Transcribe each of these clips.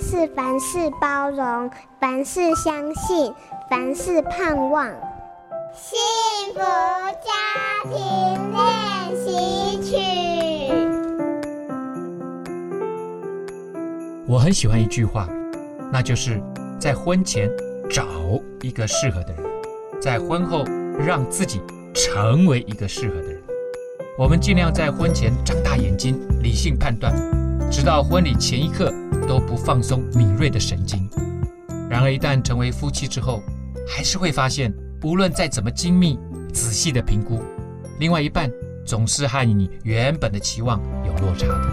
是凡事包容，凡事相信，凡事盼望。幸福家庭練習曲。我很喜歡一句話，那就是在婚前找一個適合的人，在婚後讓自己成為一個適合的人。我們盡量在婚前張大眼睛，理性判斷，直到婚禮前一刻。都不放鬆敏銳的神經。然而，一旦成為夫妻之後，還是會發現，無論再怎麼精密、仔細的評估，另外一半總是和你原本的期望有落差的。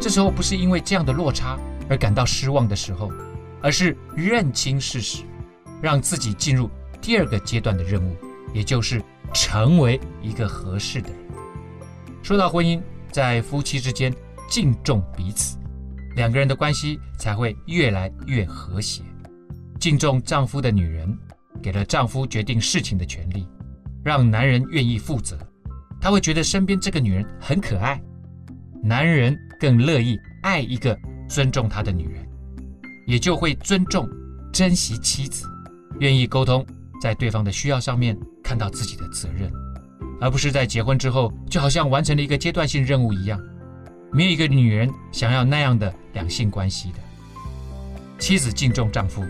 這時候不是因為這樣的落差而感到失望的時候，而是認清事實，讓自己進入第二個階段的任務，也就是成為一個合適的人。說到婚姻，在夫妻之間敬重彼此，兩個人的關係才會越來越和諧。敬重丈夫的女人，給了丈夫決定事情的權利，讓男人願意負責。他會覺得身邊這個女人很可愛，男人更樂意愛一個尊重他的女人，也就會尊重、珍惜妻子，願意溝通，在對方的需要上面看到自己的責任，而不是在結婚之後就好像完成了一個階段性任務一樣。沒有一個女人想要那樣的。兩性關係的，妻子敬重丈夫，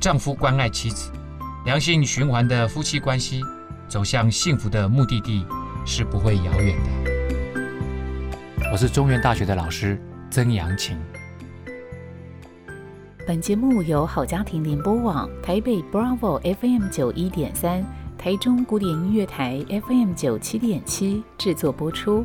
丈夫關愛妻子，良性循環的夫妻關係，走向幸福的目的地是不會遙遠的。我是中原大學的老師曾陽晴。本節目由好家庭聯播網、台北 Bravo FM 九一點三、台中古典音樂台 FM 九七點七製作播出。